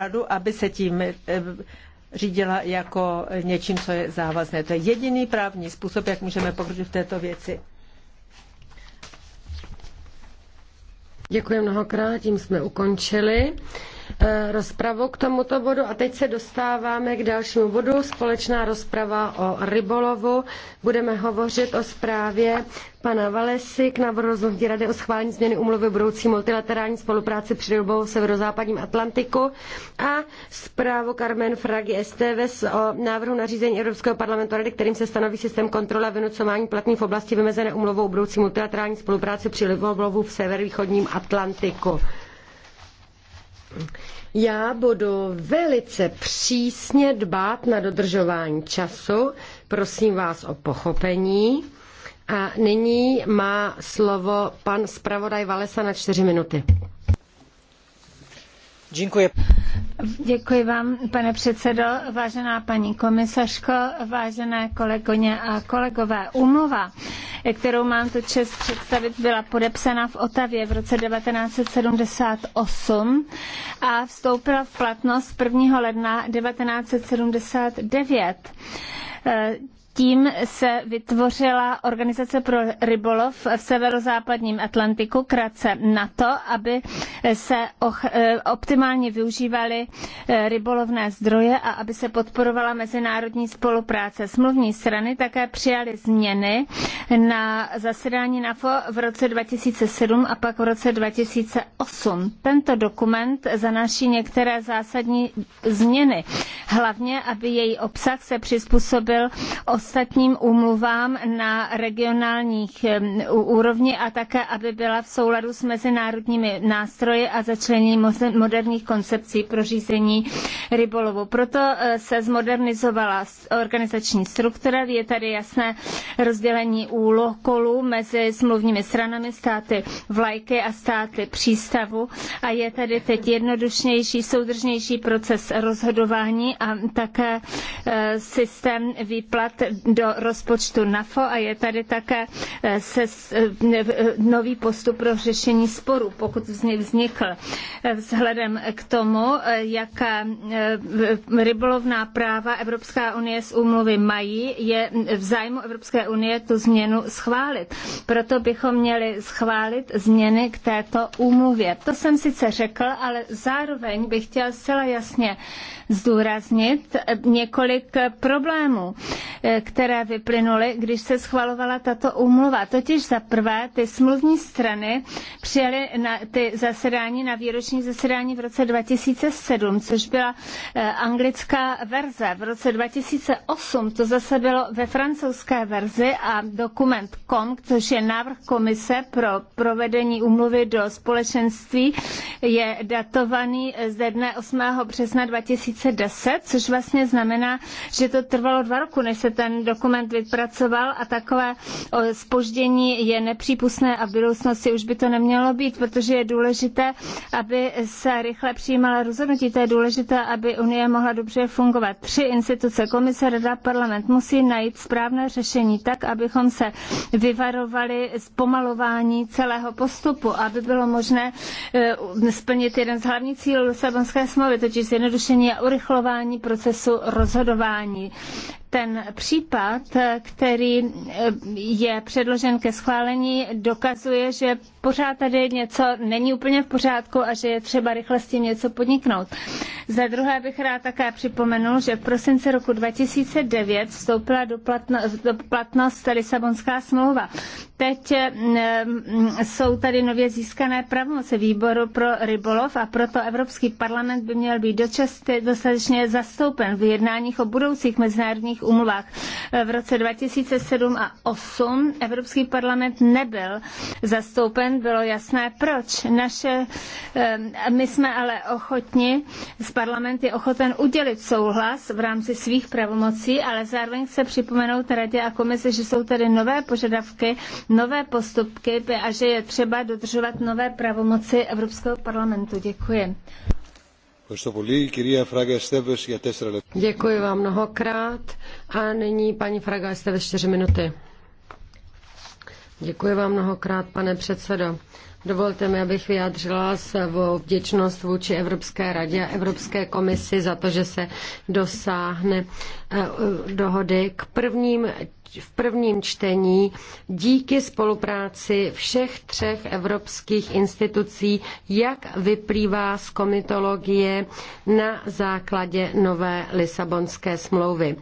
radu, aby se tím eh, řídila jako něčím, co je závazné. To je jediný právní způsob, jak můžeme pokročit v této věci. Děkuji mnohokrát, tím jsme ukončili. Eh, rozpravu k tomuto bodu a teď se dostáváme k dalšímu bodu. Společná rozprava o rybolovu. Budeme hovořit o zprávě pana Valesy k návrhu rozhodnutí Rady o schválení změny umluvy budoucí multilaterální spolupráci při rybolovu v severozápadním Atlantiku a zprávu Carmen Fragi Esteves o návrhu nařízení Evropského parlamentu Rady, kterým se stanoví systém kontrola vynucování platný v oblasti vymezené umluvou budoucí multilaterální spolupráci při rybolovu v severovýchodním Atlantiku. Já budu velice přísně dbát na dodržování času. Prosím vás o pochopení. A nyní má slovo pan zpravodaj Valesa na čtyři minuty. Děkuji. vám, pane předsedo, vážená paní komisařko, vážené kolegyně a kolegové. Umluva, kterou mám tu čest představit, byla podepsána v Otavě v roce 1978 a vstoupila v platnost 1. ledna 1979 tím se vytvořila Organizace pro rybolov v severozápadním Atlantiku, krátce NATO, aby se eh, optimálně využívaly eh, rybolovné zdroje a aby se podporovala mezinárodní spolupráce. Smluvní strany také přijaly změny na zasedání NAFO v roce 2007 a pak v roce 2008. Tento dokument zanáší některé zásadní změny, hlavně aby její obsah se přizpůsobil os ostatním úmluvám na regionálních úrovni a také, aby byla v souladu s mezinárodními nástroji a začlenění moderních koncepcí pro řízení rybolovu. Proto eh, se zmodernizovala organizační struktura, je tady jasné rozdělení úloh mezi smluvními stranami, státy vlajky a státy přístavu a je tady teď jednodušnější, soudržnější proces rozhodování a také eh, systém výplat do rozpočtu NAFO a je tady také eh, se, eh, nový postup pro řešení sporu, pokud z něj vznikl. Eh, vzhledem k tomu, jaká rybolovná práva Evropská unie z úmluvy mají, je v zájmu Evropské unie tu změnu schválit. Proto bychom měli schválit změny k této úmluvě. To jsem sice řekl, ale zároveň bych chtěl zcela jasně zdůraznit několik problémů, které vyplynuly, když se schvalovala tato úmluva. Totiž za prvé ty smluvní strany přijaly na ty zasedání, na výroční zasedání v roce 2007, což byla eh, anglická verze. V roce 2008 to zase bylo ve francouzské verzi a dokument COM, což je návrh komise pro provedení úmluvy do společenství, je datovaný eh, ze dne 8. března 2010, což vlastně znamená, že to trvalo dva roku, než se ten ten dokument vypracoval a takové spoždění je nepřípustné a v budoucnosti už by to nemělo být, protože je důležité, aby se rychle přijímala rozhodnutí. To je důležité, aby Unie mohla dobře fungovat. Tři instituce, komise, rada, parlament musí najít správné řešení tak, abychom se vyvarovali zpomalování celého postupu, aby bylo možné e, splnit jeden z hlavních cílů Lisabonské smlouvy, totiž zjednodušení a urychlování procesu rozhodování ten případ, který eh, je předložen ke schválení, dokazuje, že pořád tady něco není úplně v pořádku a že je třeba rychle s tím něco podniknout. Za druhé bych rád také připomenul, že v prosince roku 2009 vstoupila do, platno, do platnost Lisabonská smlouva. Teď eh, mm, jsou tady nově získané pravomoci výboru pro rybolov a proto Evropský parlament by měl být dočasně dostatečně zastoupen v jednáních o budoucích mezinárodních mezinárodních umluvách. V roce 2007 a 2008 Evropský parlament nebyl zastoupen, bylo jasné proč. Naše, eh, my jsme ale ochotni, z parlament je ochoten udělit souhlas v rámci svých pravomocí, ale zároveň se připomenout radě a komise, že jsou tady nové požadavky, nové postupky a že je třeba dodržovat nové pravomoci Evropského parlamentu. Děkuji. Děkuji vám mnohokrát a nyní paní Fraga jste ve čtyři minuty. Děkuji vám mnohokrát, pane předsedo. Dovolte mi, abych vyjádřila svou vděčnost vůči Evropské radě a Evropské komisi za to, že se dosáhne eh, dohody k prvním, v prvním čtení díky spolupráci všech třech evropských institucí, jak vyplývá z komitologie na základě nové Lisabonské smlouvy.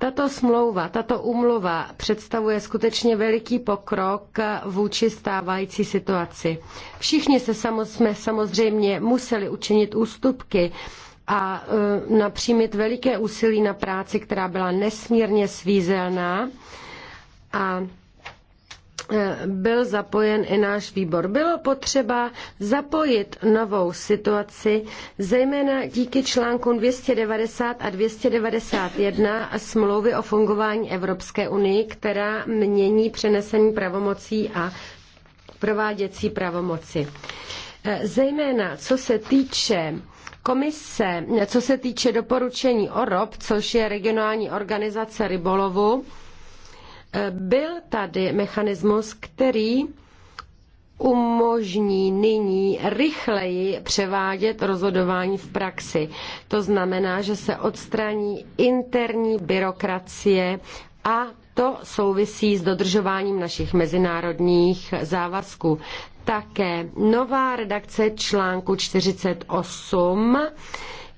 Tato smlouva, tato umluva představuje skutečně veliký pokrok vůči stávající situaci. Všichni se jsme samozřejmě museli učinit ústupky a e, napřímit veliké úsilí na práci, která byla nesmírně svízelná a byl zapojen i náš výbor. Bylo potřeba zapojit novou situaci, zejména díky článkům 290 a 291 smlouvy o fungování Evropské unie, která mění přenesení pravomocí a prováděcí pravomoci. E, zejména co se týče komise, e, co se týče doporučení OROP, což je regionální organizace rybolovu, byl tady mechanismus, který umožní nyní rychleji převádět rozhodování v praxi. To znamená, že se odstraní interní byrokracie a to souvisí s dodržováním našich mezinárodních závazků. Také nová redakce článku 48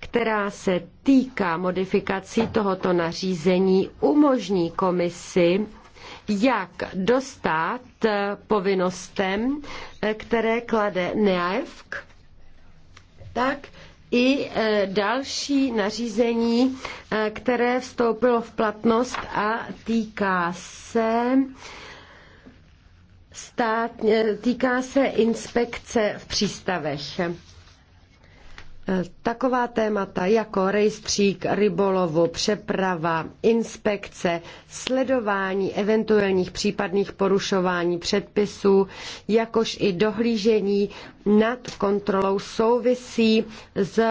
která se týká modifikací tohoto nařízení, umožní komisi jak dostat povinnostem, které klade NEAFK, tak i e, další nařízení, e, které vstoupilo v platnost a týká se stát, e, týká se inspekce v přístavech. Taková témata jako rejstřík rybolovu, přeprava, inspekce, sledování eventuálních případných porušování předpisů, jakož i dohlížení nad kontrolou souvisí s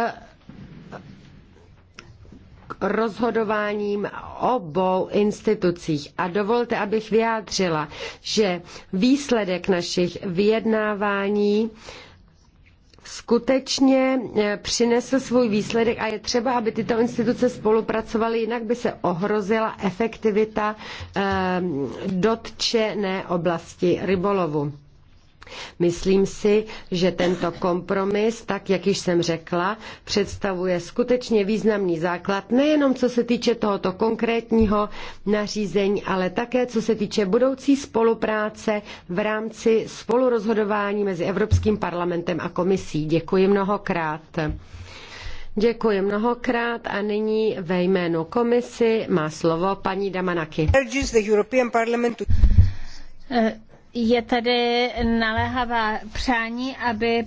rozhodováním obou institucích. A dovolte, abych vyjádřila, že výsledek našich vyjednávání skutečně eh, přinesl svůj výsledek a je třeba, aby tyto instituce spolupracovaly, jinak by se ohrozila efektivita eh, dotčené oblasti rybolovu. Myslím si, že tento kompromis, tak jak již jsem řekla, představuje skutečně významný základ nejenom co se týče tohoto konkrétního nařízení, ale také co se týče budoucí spolupráce v rámci spolurozhodování mezi Evropským parlamentem a komisí. Děkuji mnohokrát. Děkuji mnohokrát a nyní ve jménu komisi má slovo paní Damanaki je tady naléhavá přání, aby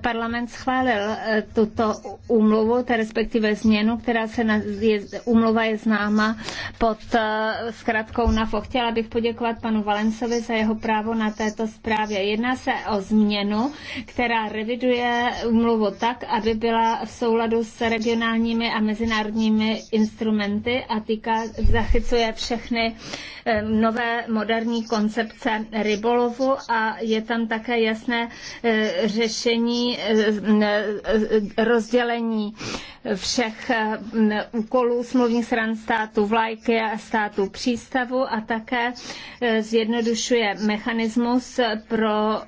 Parlament schválil eh, tuto úmluvu, tedy respektive změnu, která se na, je, úmluva je známa pod eh, zkratkou NAFO. Chtěla bych poděkovat panu Valencovi za jeho právo na této zprávě. Jedná se o změnu, která reviduje úmluvu tak, aby byla v souladu s regionálními a mezinárodními instrumenty a týká, zachycuje všechny Eh, nové moderní koncepce rybolovu a je tam také jasné eh, řešení eh, rozdělení všech úkolů smluvních stran států vlajky a států přístavu a také zjednodušuje mechanismus pro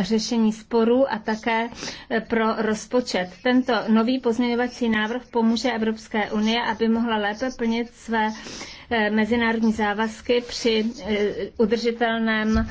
řešení sporů a také pro rozpočet. Tento nový pozměňovací návrh pomůže Evropské unie, aby mohla lépe plnit své mezinárodní závazky při eh, udržitelném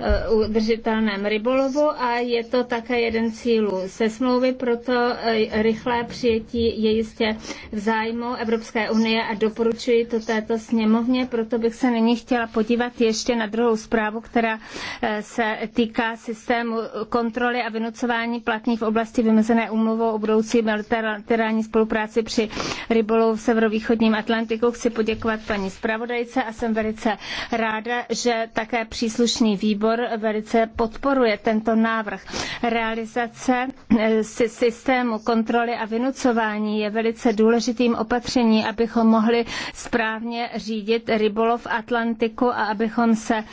Eh, udržitelném rybolovu a je to také jeden cílů se smlouvy, proto eh, rychlé přijetí je jistě v zájmu Evropské unie a doporučuji to této sněmovně, proto bych se nyní chtěla podívat ještě na druhou zprávu, která eh, se týká systému kontroly a vynucování platní v oblasti vymezené úmluvou o budoucí bilaterální spolupráci při rybolovu v severovýchodním Atlantiku. Chci poděkovat paní zpravodajce a jsem velice ráda, že také příslušný výbor výbor velice podporuje tento návrh. Realizace eh, systému kontroly a vynucování je velice důležitým opatřením, abychom mohli správně řídit rybolov Atlantiku a abychom se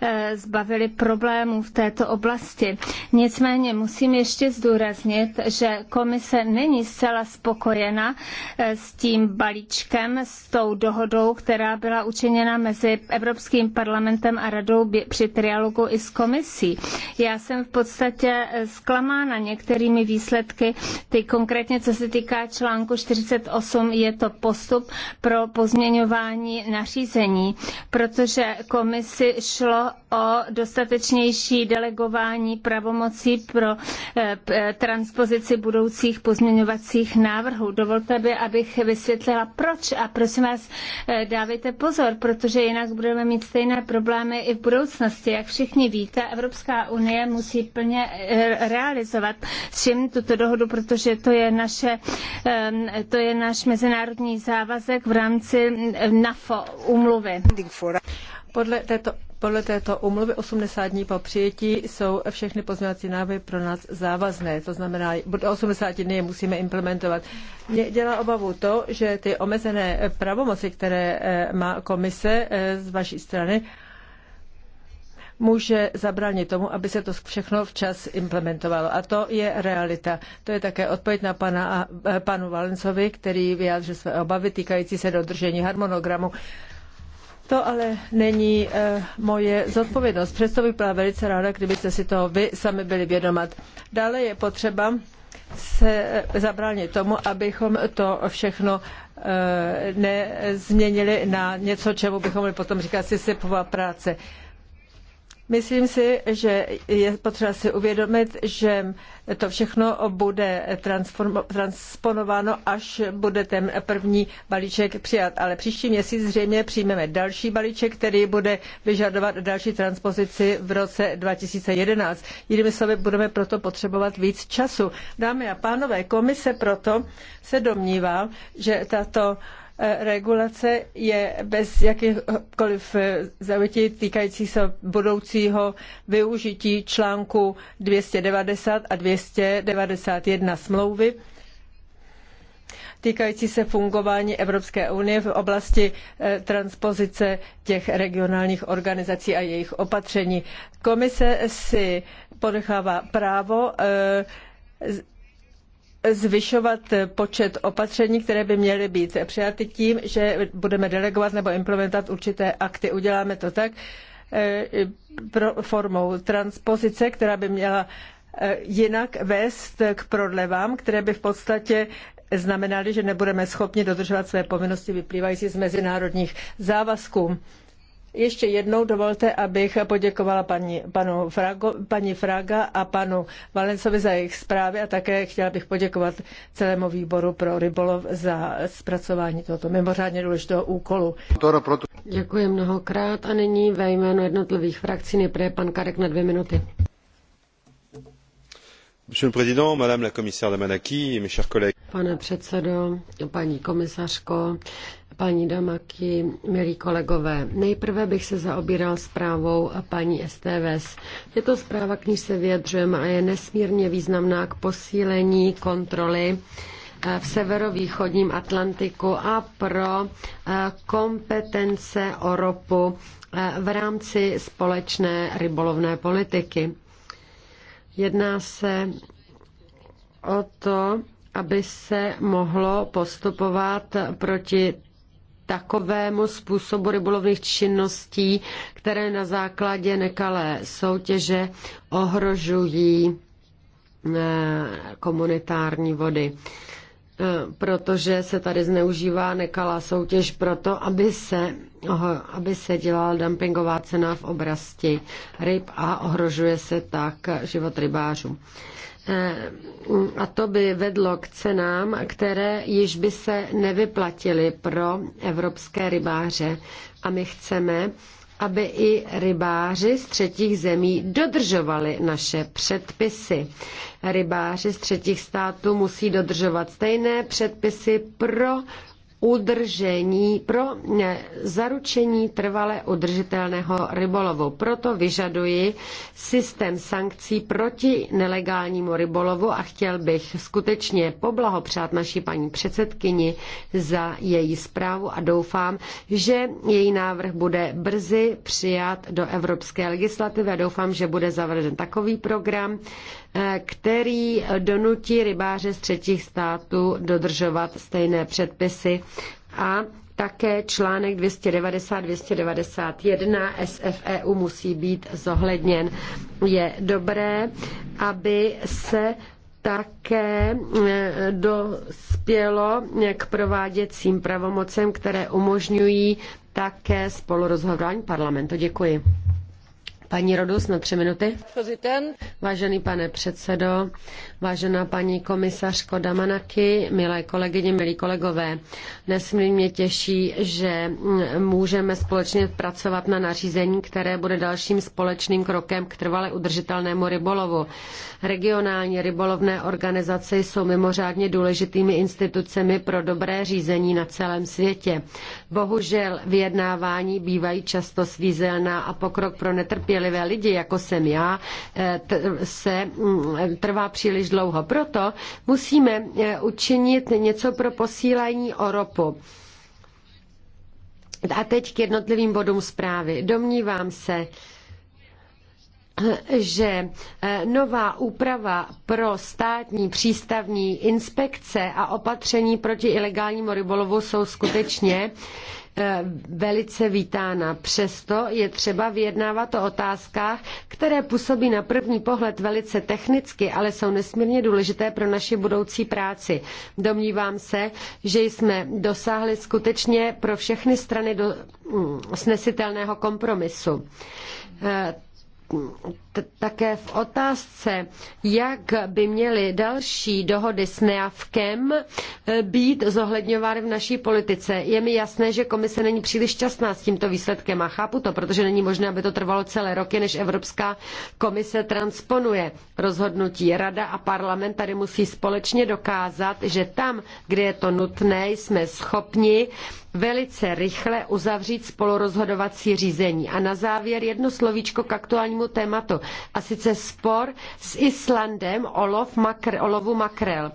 eh, zbavili problémů v této oblasti. Nicméně musím ještě zdůraznit, že komise není zcela spokojena eh, s tím balíčkem, s tou dohodou, která byla učiněna mezi Evropským parlamentem a radou při trialogu dialogu i s komisí. Já jsem v podstatě eh, zklamána některými výsledky, ty konkrétně co se týká článku 48, je to postup pro pozměňování nařízení, protože komisi šlo o dostatečnější delegování pravomocí pro eh, eh, transpozici budoucích pozměňovacích návrhů. Dovolte mi, abych vysvětlila proč a prosím vás, dávejte pozor, protože jinak budeme mít stejné problémy i v budoucnosti, jak všichni všichni víte, Evropská unie musí plně eh, realizovat všim tuto dohodu, protože to je, naše, to je náš mezinárodní závazek v rámci NAFO umluvy. Podle této podle této umluvy 80 dní po přijetí jsou všechny pozměňovací návrhy pro nás závazné, to znamená, do 80 dní je musíme implementovat. Mě dělá obavu to, že ty omezené pravomoci, které eh, má komise eh, z vaší strany, může zabránit tomu, aby se to všechno včas implementovalo. A to je realita. To je také odpověď na pana, e, panu Valencovi, který vyjádřil své obavy týkající se dodržení harmonogramu. To ale není e, moje zodpovědnost. Přesto bych byla velice ráda, kdybyste si toho vy sami byli vědomat. Dále je potřeba se e, zabránit tomu, abychom to všechno e, nezměnili na něco, čemu bychom mohli potom říkat sisypová práce. Myslím si, že je potřeba si uvědomit, že to všechno bude transponováno, až bude ten první balíček přijat. Ale příští měsíc zřejmě přijmeme další balíček, který bude vyžadovat další transpozici v roce 2011. Jinými slovy, budeme proto potřebovat víc času. Dámy a pánové, komise proto se domnívá, že tato Eh, regulace je bez jakýchkoliv eh, zaujetí týkající se budoucího využití článku 290 a 291 smlouvy týkající se fungování Evropské unie v oblasti eh, transpozice těch regionálních organizací a jejich opatření. Komise si ponechává právo zvyšovat počet opatření, které by měly být přijaty tím, že budeme delegovat nebo implementovat určité akty. Uděláme to tak eh, pro, formou transpozice, která by měla eh, jinak vést k prodlevám, které by v podstatě znamenaly, že nebudeme schopni dodržovat své povinnosti vyplývající z mezinárodních závazků. Ještě jednou dovolte, abych poděkovala paní, panu Frago, paní Fraga a panu Valencovi za jejich zprávy a také chtěla bych poděkovat celému výboru pro rybolov za zpracování tohoto mimořádně důležitého úkolu. Děkuji mnohokrát a nyní ve jménu jednotlivých frakcí nejprve pan Karek na dvě minuty. Pane předsedo, paní komisařko, Paní Damaky, milí kolegové, nejprve bych se zaobíral zprávou paní STVS. Je to zpráva, k níž se vyjadřujeme a je nesmírně významná k posílení kontroly eh, v severovýchodním Atlantiku a pro eh, kompetence o ropu eh, v rámci společné rybolovné politiky. Jedná se o to, aby se mohlo postupovat proti takovému způsobu rybolovných činností, které na základě nekalé soutěže ohrožují eh, komunitární vody eh, protože se tady zneužívá nekalá soutěž proto, aby se, aby se dělala dumpingová cena v oblasti ryb a ohrožuje se tak život rybářů. Eh, a to by vedlo k cenám, které již by se nevyplatily pro evropské rybáře. A my chceme, aby i rybáři z třetích zemí dodržovali naše předpisy. Rybáři z třetích států musí dodržovat stejné předpisy pro udržení, pro zaručení trvale udržitelného rybolovu. Proto vyžaduji systém sankcí proti nelegálnímu rybolovu a chtěl bych skutečně poblahopřát naší paní předsedkyni za její zprávu a doufám, že její návrh bude brzy přijat do evropské legislativy a doufám, že bude zaveden takový program, Eh, který donutí rybáře z třetích států dodržovat stejné předpisy a také článek 290-291 SFEU musí být zohledněn. Je dobré, aby se také eh, dospělo k prováděcím pravomocem, které umožňují také spolurozhodování parlamentu. Děkuji. Paní Rodus na tři minuty. Vážený pane předsedo, vážená paní komisařko Damanaki, milé kolegyně, milí kolegové, nesmírně těší, že můžeme společně pracovat na nařízení, které bude dalším společným krokem k trvale udržitelnému rybolovu. Regionální rybolovné organizace jsou mimořádně důležitými institucemi pro dobré řízení na celém světě. Bohužel vyjednávání bývají často svízelná a pokrok pro netrpělivé trpělivé lidi, jako jsem já, eh, se mm, trvá příliš dlouho. Proto musíme eh, učinit něco pro posílání oropu. A teď k jednotlivým bodům zprávy. Domnívám se, že eh, nová úprava pro státní přístavní inspekce a opatření proti ilegálnímu rybolovu jsou skutečně Eh, velice vítána. Přesto je třeba vyjednávat o otázkách, které působí na první pohled velice technicky, ale jsou nesmírně důležité pro naši budoucí práci. Domnívám se, že jsme dosáhli skutečně pro všechny strany do mm, snesitelného kompromisu eh, také v otázce, jak by měly další dohody s NEAVkem eh, být zohledňovány v naší politice. Je mi jasné, že komise není příliš šťastná s tímto výsledkem a chápu to, protože není možné, aby to trvalo celé roky, než Evropská komise transponuje rozhodnutí. Rada a parlament tady musí společně dokázat, že tam, kde je to nutné, jsme schopni velice rychle uzavřít spolurozhodovací řízení. A na závěr jedno slovíčko k aktuálnímu tématu, a sice spor s Islandem olov makr, olovu makrel.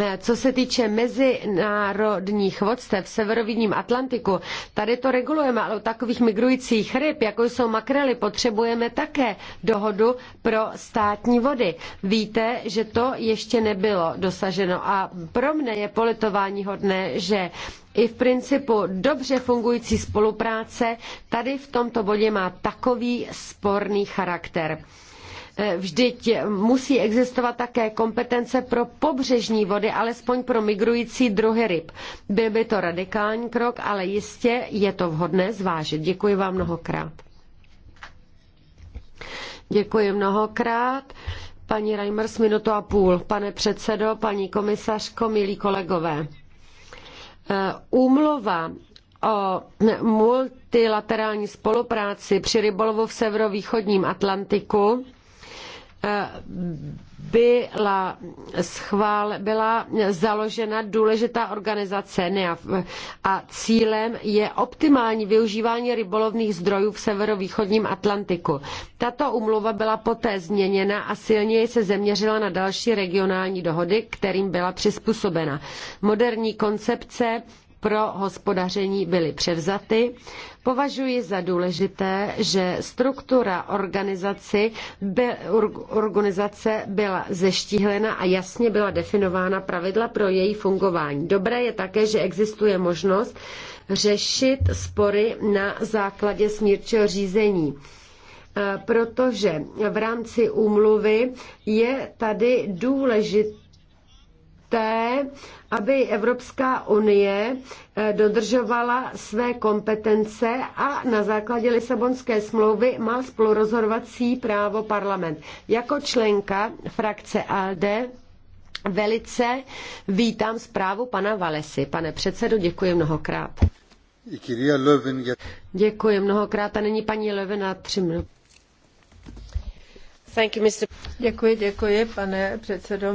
Eh, co se týče mezinárodních vodstev v severovidním Atlantiku, tady to regulujeme, ale u takových migrujících ryb, jako jsou makrely, potřebujeme také dohodu pro státní vody. Víte, že to ještě nebylo dosaženo a pro mne je politování hodné, že i v principu dobře fungující spolupráce tady v tomto bodě má takový sporný charakter. Eh, vždyť musí existovat také kompetence pro pobřežní vody, alespoň pro migrující druhy ryb. Byl by to radikální krok, ale jistě je to vhodné zvážit. Děkuji vám mnohokrát. Děkuji mnohokrát. Paní Reimers, minutu a půl. Pane předsedo, paní komisařko, milí kolegové. Eh, úmluva o multilaterální spolupráci při rybolovu v severovýchodním Atlantiku byla, schvál, byla založena důležitá organizace NEAF a cílem je optimální využívání rybolovných zdrojů v severovýchodním Atlantiku. Tato umluva byla poté změněna a silněji se zaměřila na další regionální dohody, kterým byla přizpůsobena. Moderní koncepce pro hospodaření byly převzaty. Považuji za důležité, že struktura organizaci, by, organizace byla zeštíhlena a jasně byla definována pravidla pro její fungování. Dobré je také, že existuje možnost řešit spory na základě smírčeho řízení e, protože v rámci úmluvy je tady důležité té, aby Evropská unie eh, dodržovala své kompetence a na základě Lisabonské smlouvy má spolurozhodovací právo parlament. Jako členka frakce ALDE velice vítám zprávu pana Valesy. Pane předsedo, děkuji mnohokrát. Děkuji mnohokrát a není paní Levena tři minuty. Děkuji, děkuji, pane předsedo.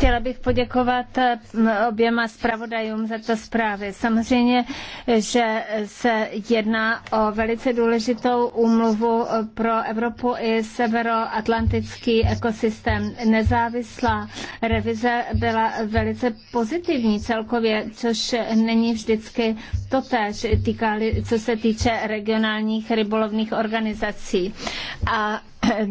Chtěla bych poděkovat eh, oběma zpravodajům za to zprávy. Samozřejmě, že se jedná o velice důležitou úmluvu pro Evropu i severoatlantický ekosystém. Nezávislá revize byla velice pozitivní celkově, což není vždycky totéž, co se týče regionálních rybolovných organizací. A eh,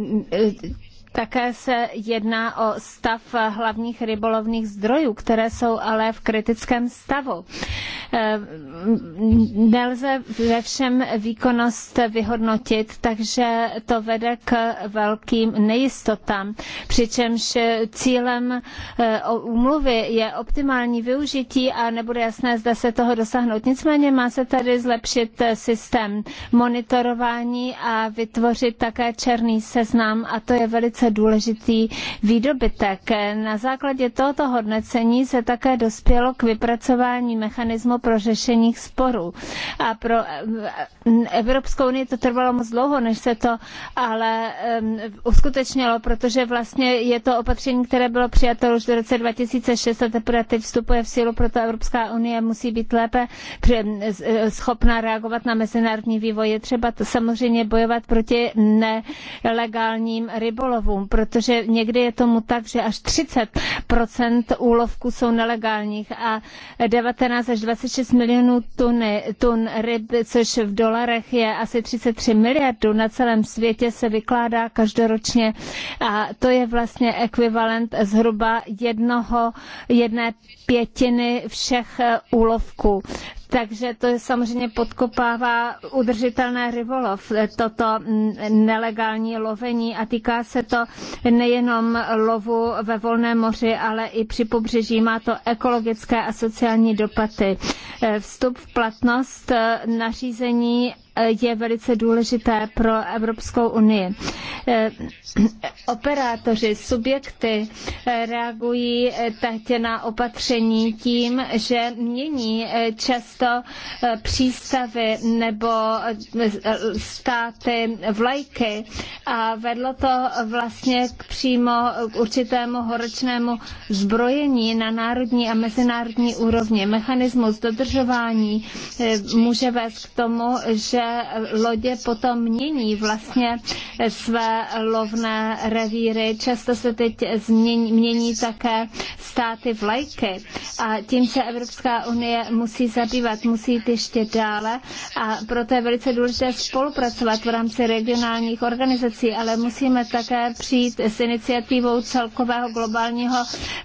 také se jedná o stav hlavních rybolovných zdrojů, které jsou ale v kritickém stavu. Eh, nelze ve všem výkonnost vyhodnotit, takže to vede k velkým nejistotám. Přičemž cílem eh, úmluvy je optimální využití a nebude jasné, zda se toho dosáhnout. Nicméně má se tady zlepšit eh, systém monitorování a vytvořit také černý seznam a to je velice velice důležitý výdobytek. Na základě tohoto hodnocení se také dospělo k vypracování mechanismu pro řešení sporů. A pro eh, Evropskou unii to trvalo moc dlouho, než se to ale eh, uskutečnilo, protože vlastně je to opatření, které bylo přijato už v roce 2006 a teprve teď vstupuje v sílu, proto Evropská unie musí být lépe eh, schopná reagovat na mezinárodní vývoj. Je třeba samozřejmě bojovat proti nelegálním rybolovu úlovům, protože někdy je tomu tak, že až 30 úlovků jsou nelegálních a 19 až 26 milionů tun ryb, což v dolarech je asi 33 miliardů na celém světě, se vykládá každoročně a to je vlastně ekvivalent zhruba jednoho, jedné pětiny všech úlovků. Takže to je samozřejmě podkopává udržitelné rybolov, toto nelegální lovení a týká se to nejenom lovu ve volném moři, ale i při pobřeží. Má to ekologické a sociální dopady. Eh, vstup v platnost eh, nařízení je velice důležité pro Evropskou unii. Eh, operátoři, subjekty eh, reagují eh, teď na opatření tím, že mění často přístavy nebo státy vlajky a vedlo to vlastně k přímo k určitému horečnému zbrojení na národní a mezinárodní úrovni. Mechanismus dodržování může vést k tomu, že lodě potom mění vlastně své lovné revíry. Často se teď změní, mění také státy vlajky a tím se Evropská unie musí zabývat, musí jít ještě dále a proto je velice důležité spolupracovat v rámci regionálních organizací, ale musíme také přijít s iniciativou celkového globálního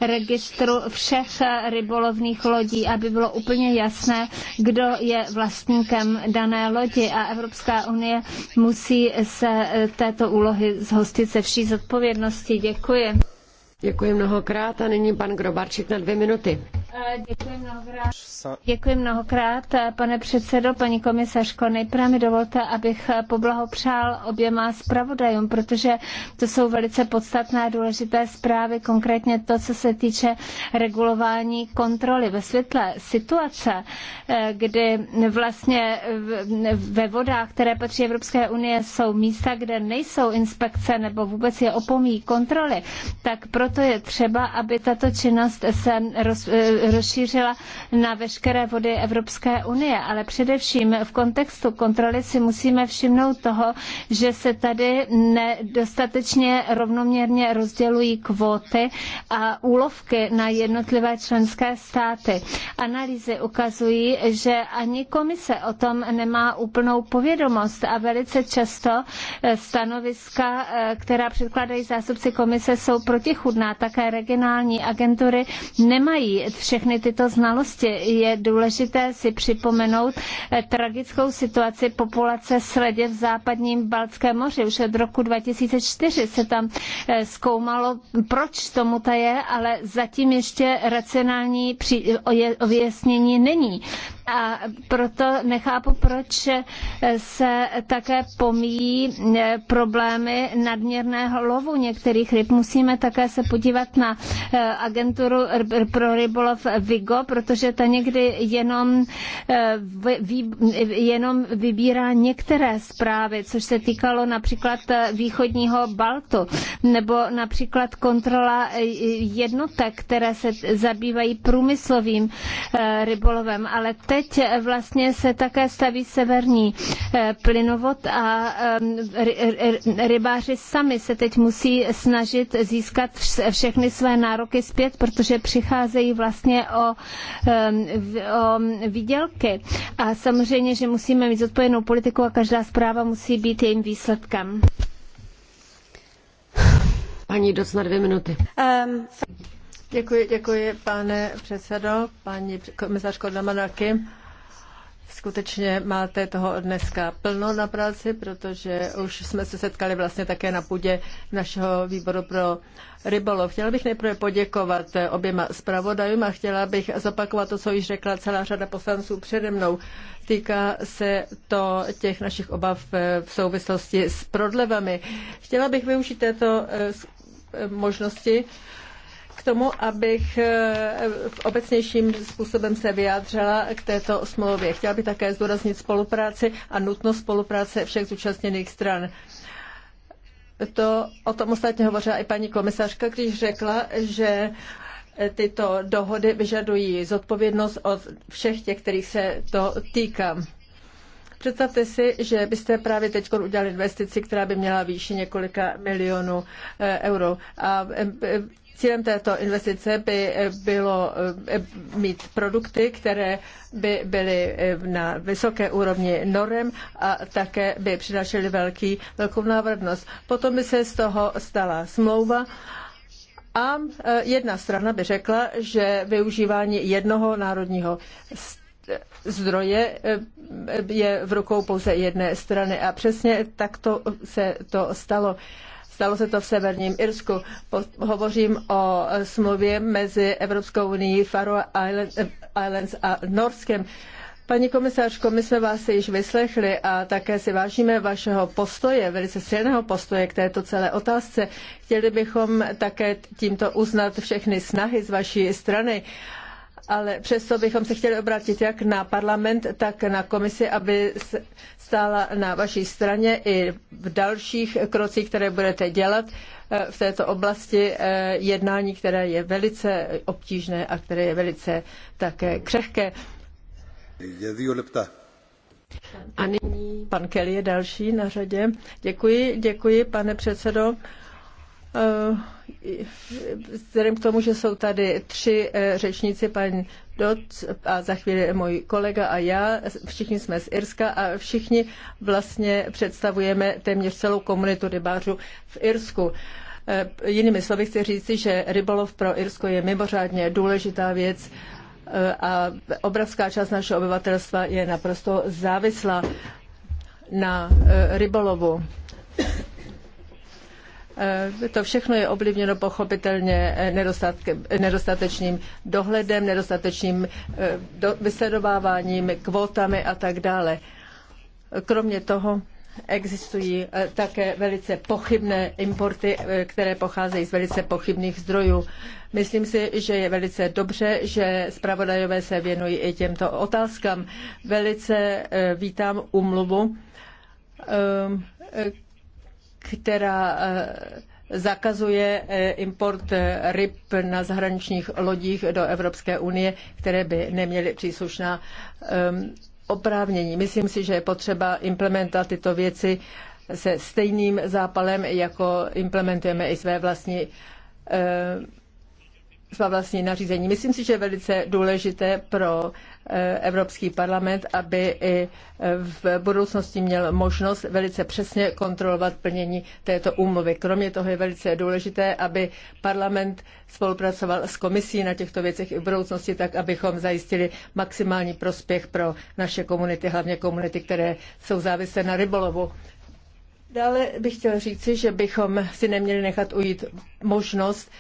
registru všech rybolovných lodí, aby bylo úplně jasné, kdo je vlastníkem dané lodi a Evropská unie musí se e, této úlohy zhostit se vší zodpovědností. Děkuji. Děkuji mnohokrát a nyní pan Grobarčík na dvě minuty. Eh, děkuji mnohokrát. Eh, pane předsedo, paní komisařko. Nejprve mi dovolte, abych eh, poblahopřál oběma zpravodajům, protože to jsou velice podstatné a důležité zprávy, konkrétně to, co se týče regulování kontroly. Ve světle situace, kdy vlastně ve vodách, které patří Evropské unie, jsou místa, kde nejsou inspekce nebo vůbec je opomíjí kontroly, tak proto je třeba, aby tato činnost se roz, rozšířila na veškeré vody Evropské unie, ale především v kontextu kontroly si musíme všimnout toho, že se tady nedostatečně rovnoměrně rozdělují kvóty a úlovky na jednotlivé členské státy. Analýzy ukazují, že ani komise o tom nemá úplnou povědomost a velice často eh, stanoviska, eh, která předkládají zástupci komise, jsou protichudná. Také regionální agentury nemají vše všechny tyto znalosti. Je důležité si připomenout eh, tragickou situaci populace sledě v západním Baltském moři. Už od roku 2004 se tam eh, zkoumalo, proč tomu ta je, ale zatím ještě racionální objasnění není. A proto nechápu, proč se také pomíjí eh, problémy nadměrného lovu některých ryb. Musíme také se podívat na eh, agenturu pro rybolov Vigo, protože ta někdy jenom, eh, jenom vybírá některé zprávy, což se týkalo například východního Baltu, nebo například kontrola jednotek, které se zabývají průmyslovým rybolovem. Ale teď teď vlastně se také staví severní eh, plynovod a ehm, rybáři sami se teď musí snažit získat všechny své nároky zpět, protože přicházejí vlastně o, ehm, o výdělky. A samozřejmě, že musíme mít zodpovědnou politiku a každá zpráva musí být jejím výsledkem. Paní Doc dvě minuty. Um, Děkuji, děkuji, pane předsedo, paní komisařko Damanaky. Skutečně máte toho dneska plno na práci, protože už jsme se setkali vlastně také na půdě našeho výboru pro rybolov. Chtěla bych nejprve poděkovat oběma zpravodajům a chtěla bych zopakovat to, co již řekla celá řada poslanců přede mnou. Týká se to těch našich obav v souvislosti s prodlevami. Chtěla bych využít této eh, eh, možnosti k tomu, abych eh, obecnějším způsobem se vyjádřila k této smlouvě. Chtěla bych také zdůraznit spolupráci a nutnost spolupráce všech zúčastněných stran. To o tom ostatně hovořila i paní komisařka, když řekla, že eh, tyto dohody vyžadují zodpovědnost od všech těch, kterých se to týká. Představte si, že byste právě teď udělali investici, která by měla výši několika milionů eh, euro. A Cílem této investice by eh, bylo eh, mít produkty, které by byly eh, na vysoké úrovni norem a také by přinášely velký, velkou návratnost. Potom by se z toho stala smlouva a jedna strana by řekla, že využívání jednoho národního zdroje je v rukou pouze jedné strany a přesně takto se to stalo. Stalo se to v Severním Irsku. hovořím o smluvě mezi Evropskou unii, Faro eh, Islands a Norskem. Paní komisařko, my jsme vás již vyslechli a také si vážíme vašeho postoje, velice silného postoje k této celé otázce. Chtěli bychom také tímto uznat všechny snahy z vaší strany. Uh, ale přesto bychom se chtěli obrátit jak na parlament, tak na komisi, aby stála na vaší straně i v dalších krocích, které budete dělat eh, v této oblasti eh, jednání, které je velice obtížné a které je velice také křehké. A nyní pan Kelly je další na řadě. Děkuji, děkuji, pane předsedo. Eh, vzhledem k tomu, že jsou tady tři eh, řečníci, paní Dot a za chvíli můj kolega a já, všichni jsme z Irska a všichni vlastně představujeme téměř celou komunitu rybářů v Irsku. Eh, jinými slovy chci říci, že rybolov pro Irsko je mimořádně důležitá věc a obrovská část našeho obyvatelstva je naprosto závislá na rybolovu. Eh, to všechno je ovlivněno pochopitelně eh, nedostatečným dohledem, nedostatečným eh, vysledováváním, kvótami a tak dále. Kromě toho existují také velice pochybné importy, které pocházejí z velice pochybných zdrojů. Myslím si, že je velice dobře, že zpravodajové se věnují i těmto otázkám. Velice vítám umluvu, která eh, zakazuje eh, import eh, ryb na zahraničních lodích do Evropské unie, které by neměly příslušná ehm, oprávnění. Myslím si, že je potřeba implementovat tyto věci se stejným zápalem, jako implementujeme i své vlastní svá vlastní nařízení. Myslím si, že je velice důležité pro eh, Evropský parlament, aby i eh, v budoucnosti měl možnost velice přesně kontrolovat plnění této úmluvy. Kromě toho je velice důležité, aby parlament spolupracoval s komisí na těchto věcech i v budoucnosti, tak abychom zajistili maximální prospěch pro naše komunity, hlavně komunity, které jsou závislé na rybolovu. Dále bych chtěl říci, že bychom si neměli nechat ujít možnost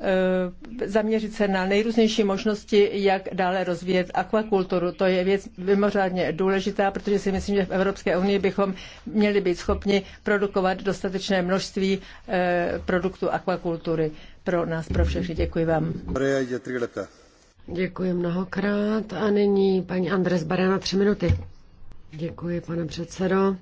Eh, zaměřit se na nejrůznější možnosti, jak dále rozvíjet akvakulturu. To je věc mimořádně důležitá, protože si myslím, že v Evropské unii bychom měli být schopni produkovat dostatečné množství eh, produktů akvakultury pro nás, pro všechny. Děkuji vám. Děkuji mnohokrát a nyní paní Andres Barana tři minuty. Děkuji, pane předsedo.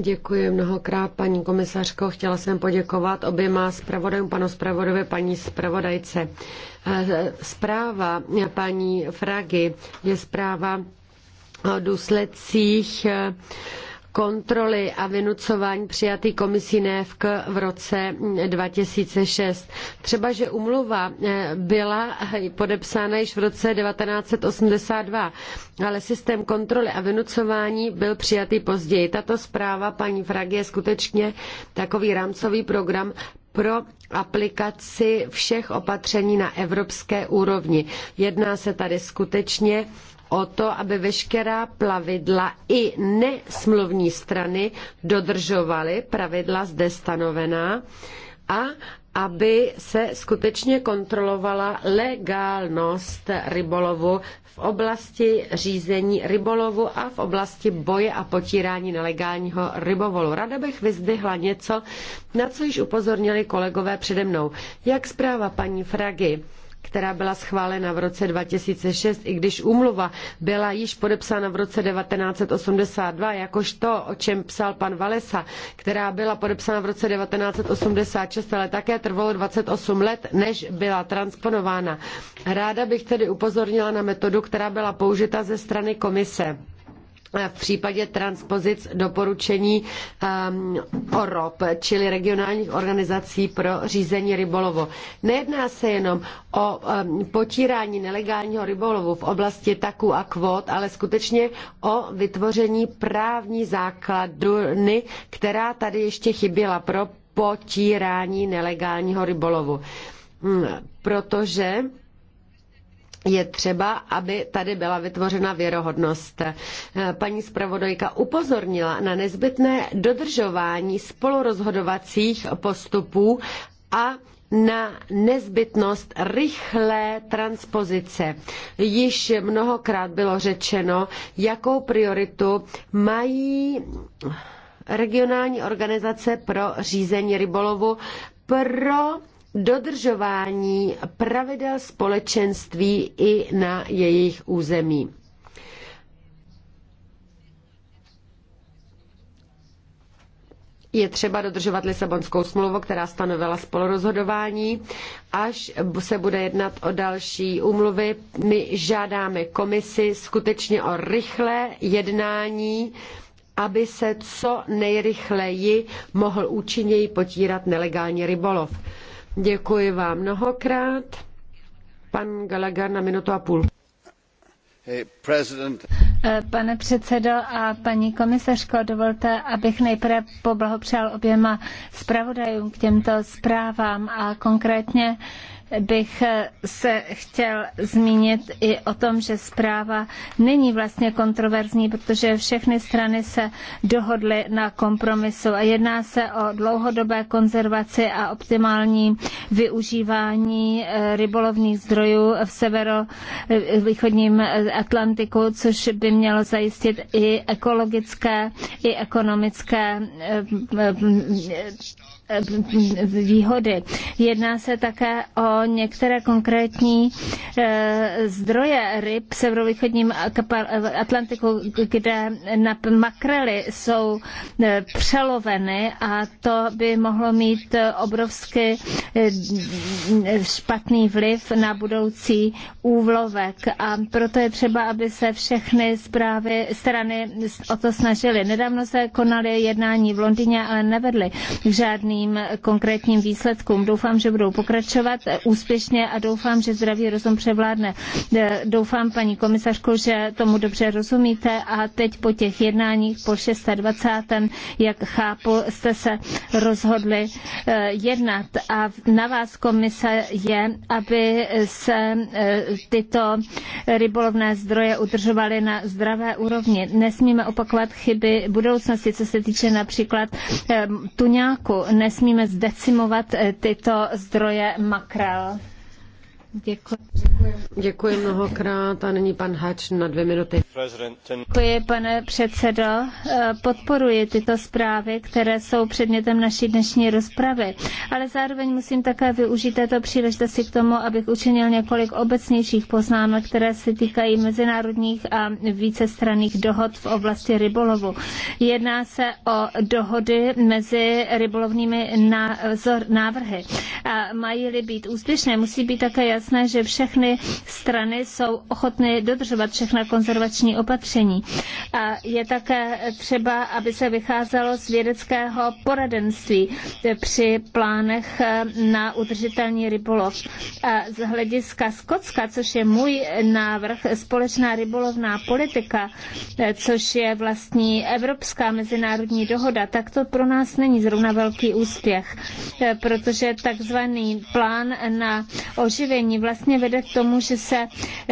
Děkuji mnohokrát, paní komisařko. Chtěla jsem poděkovat oběma zpravodajům, panu zpravodovi, paní zpravodajce. Eh, zpráva paní Fragy je zpráva o důsledcích eh, kontroly a vynucování přijatý komisí NFK e v roce 2006. Třeba, že umluva eh, byla eh, podepsána již v roce 1982, ale systém kontroly a vynucování byl přijatý později. Tato zpráva paní Fragy je skutečně takový rámcový program pro aplikaci všech opatření na evropské úrovni. Jedná se tady skutečně o to, aby veškerá plavidla i nesmluvní strany dodržovaly pravidla zde stanovená a aby se skutečně kontrolovala legálnost rybolovu v oblasti řízení rybolovu a v oblasti boje a potírání nelegálního rybovolu. Rada bych vyzdvihla něco, na co již upozornili kolegové přede mnou. Jak zpráva paní Fragy která byla schválena v roce 2006, i když úmluva byla již podepsána v roce 1982, jakož to, o čem psal pan Valesa, která byla podepsána v roce 1986, ale také trvalo 28 let, než byla transponována. Ráda bych tedy upozornila na metodu, která byla použita ze strany komise v případě transpozic doporučení um, OROP, čili regionálních organizací pro řízení rybolovu. Nejedná se jenom o um, potírání nelegálního rybolovu v oblasti taků a kvót, ale skutečně o vytvoření právní základny, která tady ještě chyběla pro potírání nelegálního rybolovu. Hmm, protože je třeba, aby tady byla vytvořena věrohodnost. Paní zpravodajka upozornila na nezbytné dodržování spolurozhodovacích postupů a na nezbytnost rychlé transpozice. Již mnohokrát bylo řečeno, jakou prioritu mají regionální organizace pro řízení rybolovu pro dodržování pravidel společenství i na jejich území. je třeba dodržovat Lisabonskou smlouvu, která stanovila spolurozhodování. Až se bude jednat o další úmluvy, my žádáme komisi skutečně o rychlé jednání, aby se co nejrychleji mohl účinněji potírat nelegální rybolov. Děkuji vám mnohokrát. Pan Gallagher na minutu a půl. Eh, pane předsedo a paní komisařko, dovolte, abych nejprve poblahopřál oběma zpravodajům k těmto zprávám a konkrétně bych se chtěl zmínit i o tom, že zpráva není vlastně kontroverzní, protože všechny strany se dohodly na kompromisu a jedná se o dlouhodobé konzervaci a optimální využívání eh, rybolovních zdrojů v severovýchodním eh, Atlantiku, což by mělo zajistit i ekologické, i ekonomické eh, výhody. Jedná se také o některé konkrétní eh, zdroje ryb v severovýchodním Atlantiku, kde na makrely jsou eh, přeloveny a to by mohlo mít eh, obrovsky špatný vliv na budoucí úvlovek. a proto je třeba, aby se všechny zprávy, strany o to snažily. Nedávno se konaly jednání v Londýně, ale nevedly žádný reálným konkrétním výsledkům. Doufám, že budou pokračovat úspěšně a doufám, že zdravý rozum převládne. E, doufám, paní komisařko, že tomu dobře rozumíte a teď po těch jednáních po 26. jak chápu, jste se rozhodli e, jednat a na vás komise je, aby se e, tyto rybolovné zdroje udržovaly na zdravé úrovni. Nesmíme opakovat chyby budoucnosti, co se týče například tuňáku. Ne nesmíme zdecimovat eh, tyto zdroje makrel. Děkuji. Děkuji mnohokrát a nyní pan Hač na dvě minuty. Děkuji, pane předsedo. Eh, podporuji tyto zprávy, které jsou předmětem naší dnešní rozpravy, ale zároveň musím také využít této příležitosti k tomu, abych učinil několik obecnějších poznámek, které se týkají mezinárodních a vícestranných dohod v oblasti rybolovu. Jedná se o dohody mezi rybolovnými návrhy. A mají-li být úspěšné, musí být také jasné, jasné, že všechny strany jsou ochotny dodržovat všechna konzervační opatření. A je také třeba, aby se vycházelo z vědeckého poradenství při plánech na udržitelný rybolov. A z hlediska Skotska, což je můj návrh, společná rybolovná politika, což je vlastní evropská mezinárodní dohoda, tak to pro nás není zrovna velký úspěch, protože takzvaný plán na oživení nařízení vlastně vede k tomu, že se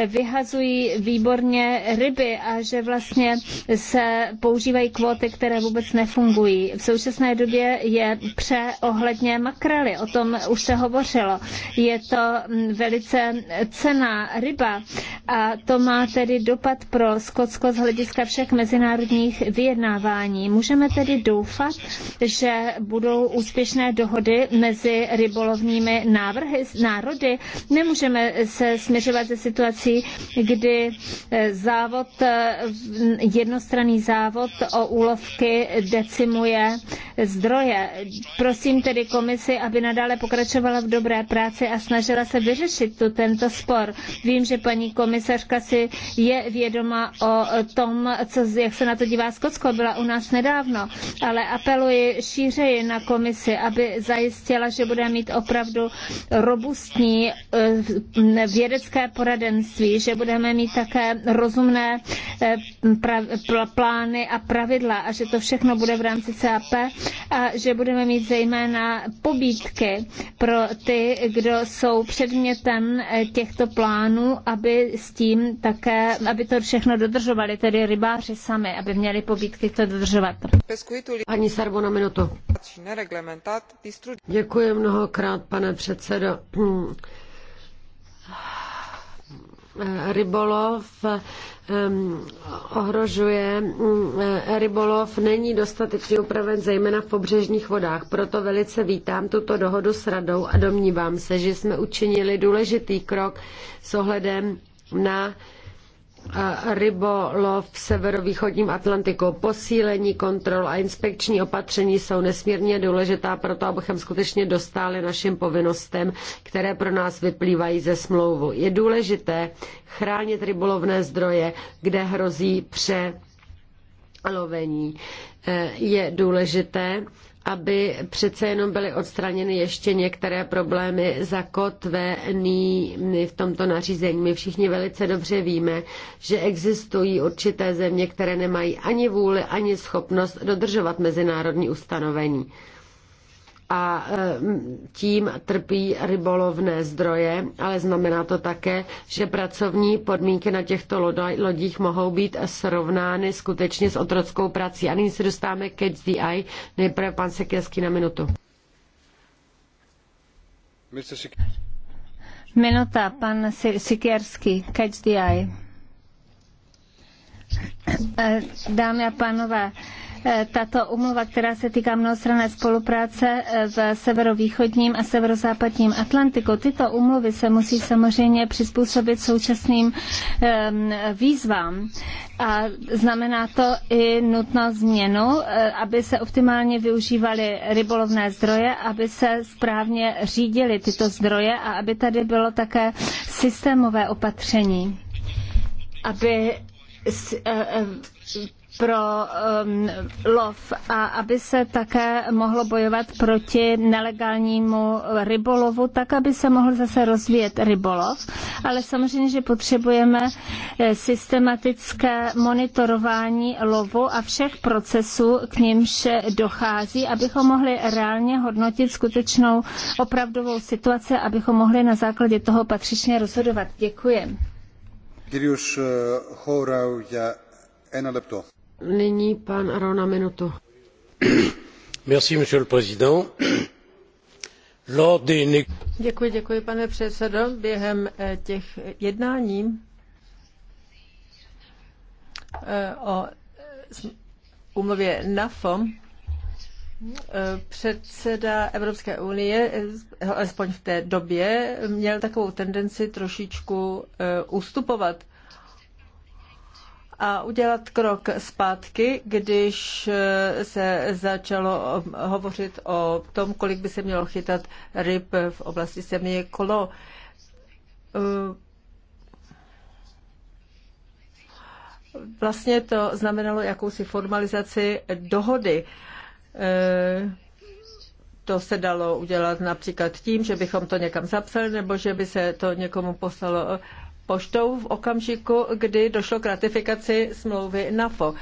vyhazují výborně ryby a že vlastně se používají kvóty, které vůbec nefungují. V současné době je pře ohledně makrely, o tom už se hovořilo. Je to mm, velice cená ryba a to má tedy dopad pro Skotsko z hlediska všech mezinárodních vyjednávání. Můžeme tedy doufat, že budou úspěšné dohody mezi rybolovními návrhy, národy, nemůžeme se směřovat ze situací, kdy eh, závod, eh, jednostranný závod o úlovky decimuje zdroje. Prosím tedy komisi, aby nadále pokračovala v dobré práci a snažila se vyřešit tu, tento spor. Vím, že paní komisařka si je vědoma o tom, co, jak se na to dívá Skotsko, byla u nás nedávno, ale apeluji šířeji na komisi, aby zajistila, že bude mít opravdu robustní eh, Eh, vědecké poradenství, že budeme mít také rozumné eh, plány a pravidla a že to všechno bude v rámci CAP a že budeme mít zejména pobídky pro ty, kdo jsou předmětem eh, těchto plánů, aby s tím také, aby to všechno dodržovali, tedy rybáři sami, aby měli pobídky to dodržovat. Ani Sarbo na minutu. Děkuji mnohokrát, pane předsedo rybolov ohrožuje. Rybolov není dostatečně upraven, zejména v pobřežních vodách. Proto velice vítám tuto dohodu s radou a domnívám se, že jsme učinili důležitý krok s ohledem na rybolov v severovýchodním Atlantiku. Posílení kontrol a inspekční opatření jsou nesmírně důležitá pro to, abychom skutečně dostali našim povinnostem, které pro nás vyplývají ze smlouvu. Je důležité chránit rybolovné zdroje, kde hrozí pře lovení. E, je důležité, aby přece jenom byly odstraněny ještě některé problémy zakotvený v tomto nařízení. My všichni velice dobře víme, že existují určité země, které nemají ani vůli, ani schopnost dodržovat mezinárodní ustanovení a e, tím trpí rybolovné zdroje, ale znamená to také, že pracovní podmínky na těchto lodích mohou být srovnány skutečně s otrockou prací. A nyní se dostáváme ke HDI. Nejprve pan Sekerský na minutu. Minuta, pan Sikerský, catch the eye. Dámy a pánové, Eh, tato umluva, která se týká mnohostranné spolupráce eh, v severovýchodním a severozápadním Atlantiku. Tyto umluvy se musí samozřejmě přizpůsobit současným ehm, výzvám. A znamená to i nutnou změnu, eh, aby se optimálně využívaly rybolovné zdroje, aby se správně řídily tyto zdroje a aby tady bylo také systémové opatření, aby pro um, lov a aby se také mohlo bojovat proti nelegálnímu rybolovu, tak aby se mohl zase rozvíjet rybolov. Ale samozřejmě, že potřebujeme eh, systematické monitorování lovu a všech procesů, k nímž dochází, abychom mohli reálně hodnotit skutečnou opravdovou situaci, abychom mohli na základě toho patřičně rozhodovat. Děkuji. Kyrius eh, Chourau, já... Ένα λεπτό monsieur le président. Děkuji, děkuji, pane předsedo. Během eh, těch jednání eh, o eh, úmluvě NAFOM předseda Evropské unie, alespoň v té době, měl takovou tendenci trošičku ustupovat a udělat krok zpátky, když eh, se začalo eh, hovořit o tom, kolik by se mělo chytat ryb v oblasti země kolo. Eh, vlastně to znamenalo jakousi formalizaci dohody. To se dalo udělat například tím, že bychom to někam zapsali, nebo že by se to někomu poslalo poštou v okamžiku, kdy došlo k ratifikaci smlouvy NAFO.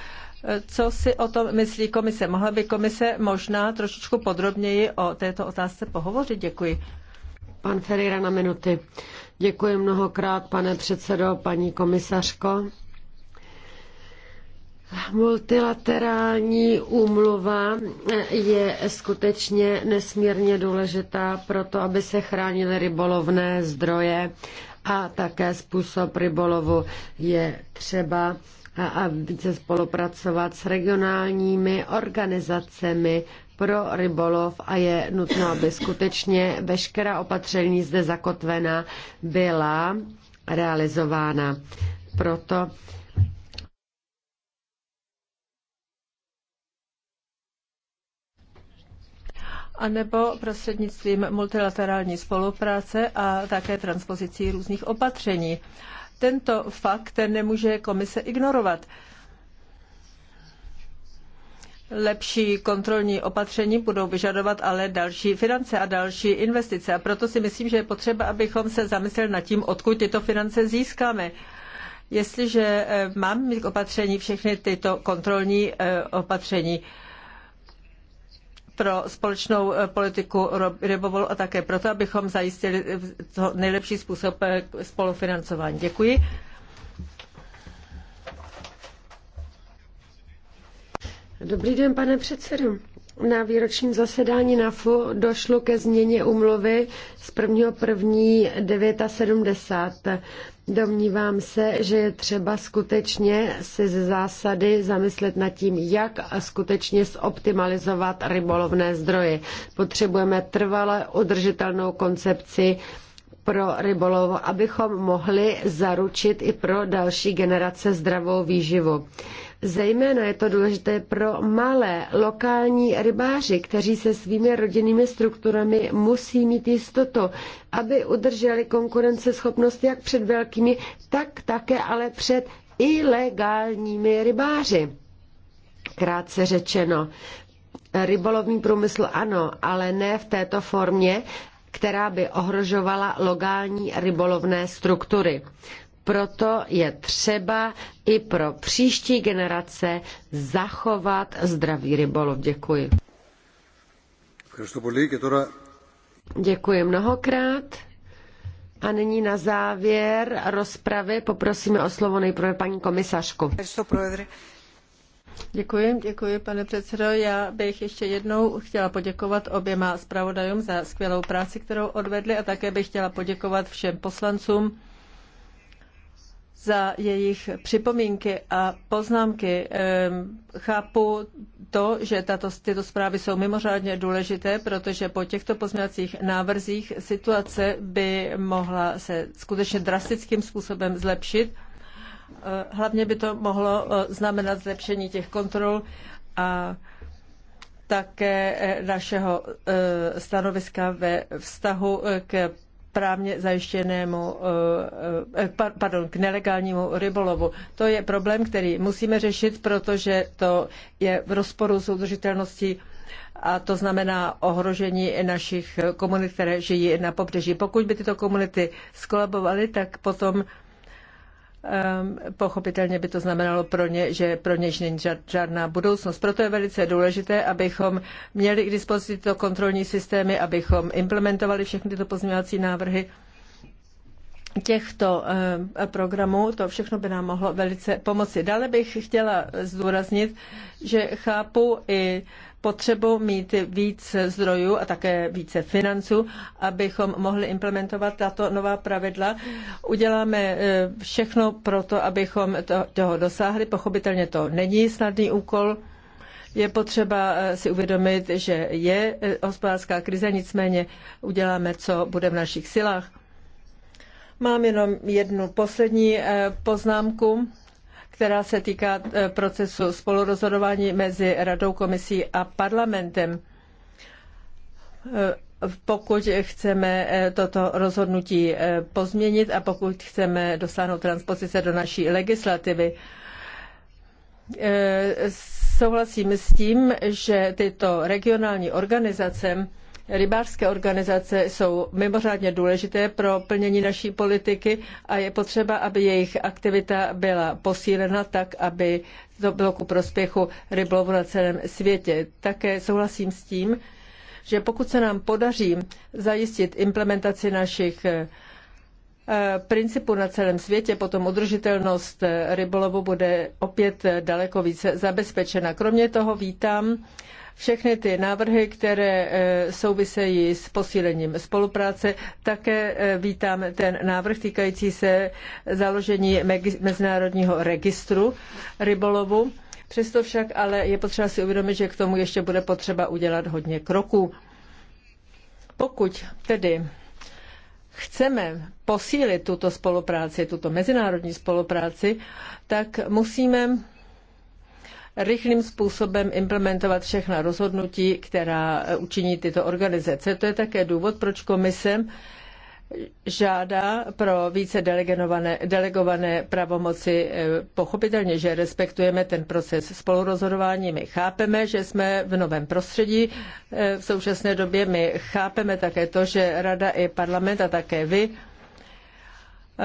Co si o tom myslí komise? Mohla by komise možná trošičku podrobněji o této otázce pohovořit? Děkuji. Pan Ferreira na minuty. Děkuji mnohokrát, pane předsedo, paní komisařko. Multilaterální úmluva je skutečně nesmírně důležitá pro to, aby se chránily rybolovné zdroje a také způsob rybolovu je třeba a, a více spolupracovat s regionálními organizacemi pro rybolov a je nutno, aby skutečně veškerá opatření zde zakotvena byla realizována. Proto anebo prostřednictvím multilaterální spolupráce a také transpozicí různých opatření. Tento fakt ten nemůže komise ignorovat. Lepší kontrolní opatření budou vyžadovat ale další finance a další investice. A proto si myslím, že je potřeba, abychom se zamysleli nad tím, odkud tyto finance získáme. Jestliže eh, mám mít opatření všechny tyto kontrolní eh, opatření, pro společnou eh, politiku rybovolu a také proto, abychom zajistili to eh, nejlepší způsob eh, spolufinancování. Děkuji. Dobrý den, pane předsedo. Na výročním zasedání NAFU došlo ke změně umluvy Prvního první 970 Domnívám se, že je třeba skutečně si ze zásady zamyslet nad tím, jak skutečně zoptimalizovat rybolovné zdroje. Potřebujeme trvale udržitelnou koncepci pro rybolov, abychom mohli zaručit i pro další generace zdravou výživu. Zejména je to důležité pro malé lokální rybáři, kteří se svými rodinnými strukturami musí mít jistotu, aby udrželi konkurenceschopnost jak před velkými, tak také ale před ilegálními rybáři. Krátce řečeno, rybolovní průmysl ano, ale ne v této formě, která by ohrožovala lokální rybolovné struktury. Proto je třeba i pro příští generace zachovat zdravý rybolov. Děkuji. Děkuji mnohokrát. A nyní na závěr rozpravy poprosíme o slovo nejprve paní komisařku. Děkuji, děkuji, pane předsedo. Já bych ještě jednou chtěla poděkovat oběma zpravodajům za skvělou práci, kterou odvedli a také bych chtěla poděkovat všem poslancům za jejich připomínky a poznámky. Ehm, chápu to, že tato, tyto zprávy jsou mimořádně důležité, protože po těchto pozměňovacích návrzích situace by mohla se skutečně drastickým způsobem zlepšit. Eh, hlavně by to mohlo eh, znamenat zlepšení těch kontrol a také eh, našeho stanoviska ve vztahu k právně zajištěnému, eh, eh, pardon, k nelegálnímu rybolovu. To je problém, který musíme řešit, protože to je v rozporu s udržitelností a to znamená ohrožení našich komunit, které žijí na pobřeží. Pokud by tyto komunity skolabovaly, tak potom Ehm, pochopitelně by to znamenalo pro ně, že pro něž není žádná budoucnost. Proto je velice důležité, abychom měli k dispozici to kontrolní systémy, abychom implementovali všechny tyto pozměňovací návrhy těchto ehm, programů, to všechno by nám mohlo velice pomoci. Dále bych chtěla zdůraznit, že chápu i potřebu mít víc zdrojů a také více financů, abychom mohli implementovat tato nová pravidla. Uděláme eh, všechno pro to, abychom to, toho dosáhli. Pochopitelně to není snadný úkol. Je potřeba eh, si uvědomit, že je eh, hospodářská krize, nicméně uděláme, co bude v našich silách. Mám jenom jednu poslední poznámku která se týká e, procesu spolurozhodování mezi Radou, Komisí a parlamentem. E, pokud chceme e, toto rozhodnutí pozměnit a pokud chceme dosáhnout transpozice do naší legislativy, souhlasím s tím, že tyto regionální organizace Rybářské organizace jsou mimořádně důležité pro plnění naší politiky a je potřeba, aby jejich aktivita byla posílena tak, aby to bylo ku prospěchu rybolovu na celém světě. Také souhlasím s tím, že pokud se nám podaří zajistit implementaci našich eh, principu na celém světě, potom udržitelnost rybolovu bude opět daleko více zabezpečena. Kromě toho vítám všechny ty návrhy, které e, souvisejí s posílením spolupráce. Také e, vítám ten návrh týkající se založení mezinárodního registru rybolovu. Přesto však ale je potřeba si uvědomit, že k tomu ještě bude potřeba udělat hodně kroků. Pokud tedy chceme posílit tuto spolupráci, tuto mezinárodní spolupráci, tak musíme rychlým způsobem implementovat všechna rozhodnutí, která eh, učiní tyto organizace. To je také důvod, proč komise žádá pro více delegované, delegované pravomoci. Eh, pochopitelně, že respektujeme ten proces spolurozhodování. My chápeme, že jsme v novém prostředí eh, v současné době. My chápeme také to, že Rada i parlament a také vy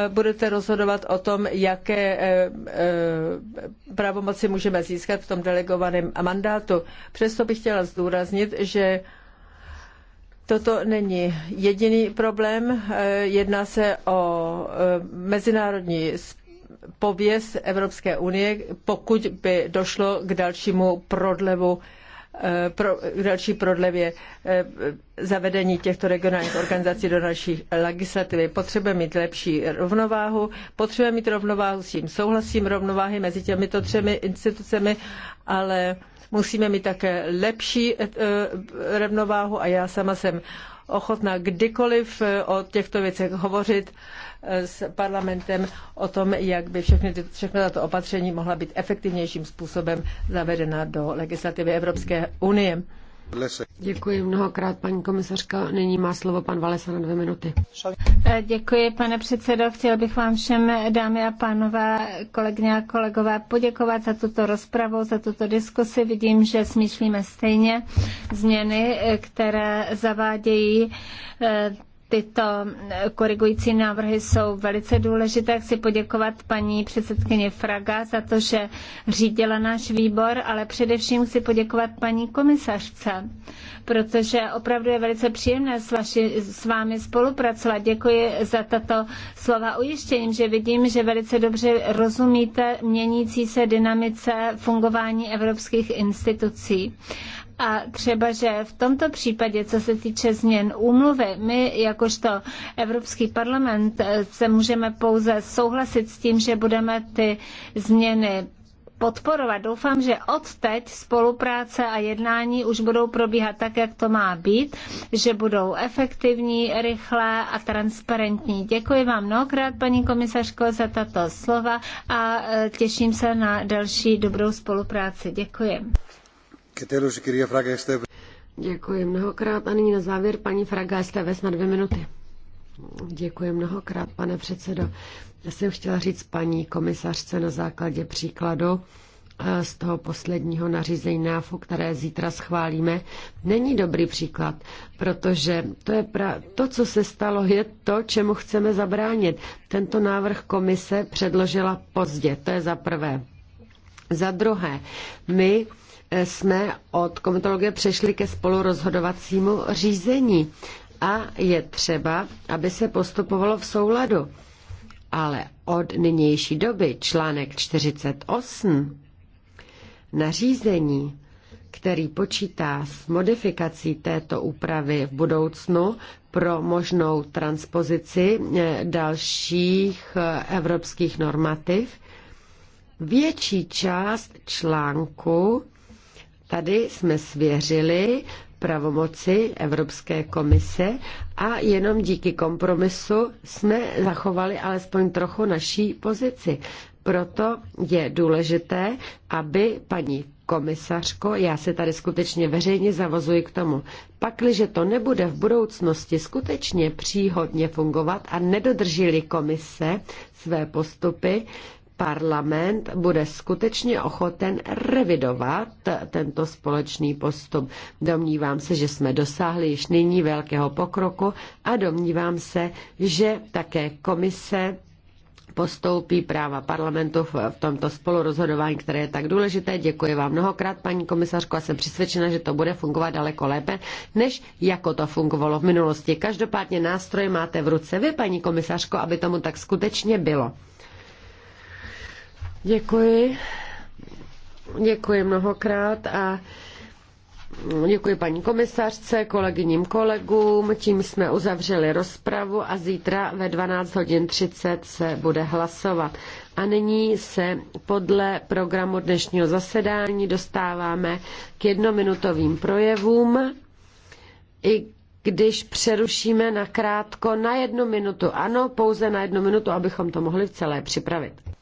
budete rozhodovat o tom, jaké eh, eh, pravomoci můžeme získat v tom delegovaném mandátu. Přesto bych chtěla zdůraznit, že Toto není jediný problém. Eh, jedná se o mezinárodní pověst Evropské unie, pokud by došlo k dalšímu prodlevu Eh, pro, další prodlevě eh, zavedení těchto regionálních organizací do naší legislativy. Potřebujeme mít lepší rovnováhu, potřebujeme mít rovnováhu, s tím souhlasím, rovnováhy mezi těmito třemi institucemi, ale musíme mít také lepší eh, rovnováhu a já sama jsem ochotna kdykoliv eh, o těchto věcech hovořit eh, s parlamentem o tom, jak by všechny, všechno tato opatření mohla být efektivnějším způsobem zavedena do legislativy Evropské unie. Děkuji mnohokrát, paní komisařka. Nyní má slovo pan Valesa na dvě minuty. E, děkuji, pane předsedo. Chtěl bych vám všem, dámy a pánové, kolegyně a kolegové, poděkovat za tuto rozpravu, za tuto diskusi. Vidím, že smýšlíme stejně změny, e, které zavádějí e, tyto korigující návrhy jsou velice důležité. Chci poděkovat paní předsedkyni Fraga za to, že řídila náš výbor, ale především chci poděkovat paní komisařce, protože opravdu je velice příjemné s, vaši, s vámi spolupracovat. Děkuji za tato slova ujištěním, že vidím, že velice dobře rozumíte měnící se dynamice fungování evropských institucí. A třeba, že v tomto případě, co se týče změn úmluvy, my jakožto Evropský parlament eh, se můžeme pouze souhlasit s tím, že budeme ty změny podporovat. Doufám, že od teď spolupráce a jednání už budou probíhat tak, jak to má být, že budou efektivní, rychlé a transparentní. Děkuji vám mnohokrát, paní komisařko, za tato slova a eh, těším se na další dobrou spolupráci. Děkuji. Děkuji mnohokrát a nyní na závěr paní Fraga STV na dvě minuty. Děkuji mnohokrát, pane předsedo. Já jsem chtěla říct paní komisařce na základě příkladu eh, z toho posledního nařízení NAFU, které zítra schválíme, není dobrý příklad, protože to, je pra- to, co se stalo, je to, čemu chceme zabránit. Tento návrh komise předložila pozdě, to je za prvé. Za druhé, my jsme od komitologie přešli ke spolurozhodovacímu řízení a je třeba, aby se postupovalo v souladu. Ale od nynější doby článek 48 nařízení, který počítá s modifikací této úpravy v budoucnu pro možnou transpozici eh, dalších eh, evropských normativ, větší část článku Tady jsme svěřili pravomoci Evropské komise a jenom díky kompromisu jsme zachovali alespoň trochu naší pozici. Proto je důležité, aby paní komisařko, já se tady skutečně veřejně zavazuji k tomu, pakliže to nebude v budoucnosti skutečně příhodně fungovat a nedodržili komise své postupy, parlament bude skutečně ochoten revidovat tento společný postup. Domnívám se, že jsme dosáhli již nyní velkého pokroku a domnívám se, že také komise postoupí práva parlamentu v tomto spolurozhodování, které je tak důležité. Děkuji vám mnohokrát, paní komisařko, a jsem přesvědčena, že to bude fungovat daleko lépe, než jako to fungovalo v minulosti. Každopádně nástroje máte v ruce vy, paní komisařko, aby tomu tak skutečně bylo. Děkuji. Děkuji mnohokrát a Děkuji paní komisařce, kolegyním kolegům. Tím jsme uzavřeli rozpravu a zítra ve 12 hodin 30 se bude hlasovat. A nyní se podle programu dnešního zasedání dostáváme k jednominutovým projevům. I když přerušíme nakrátko na jednu minutu. Ano, pouze na jednu minutu, abychom to mohli v celé připravit.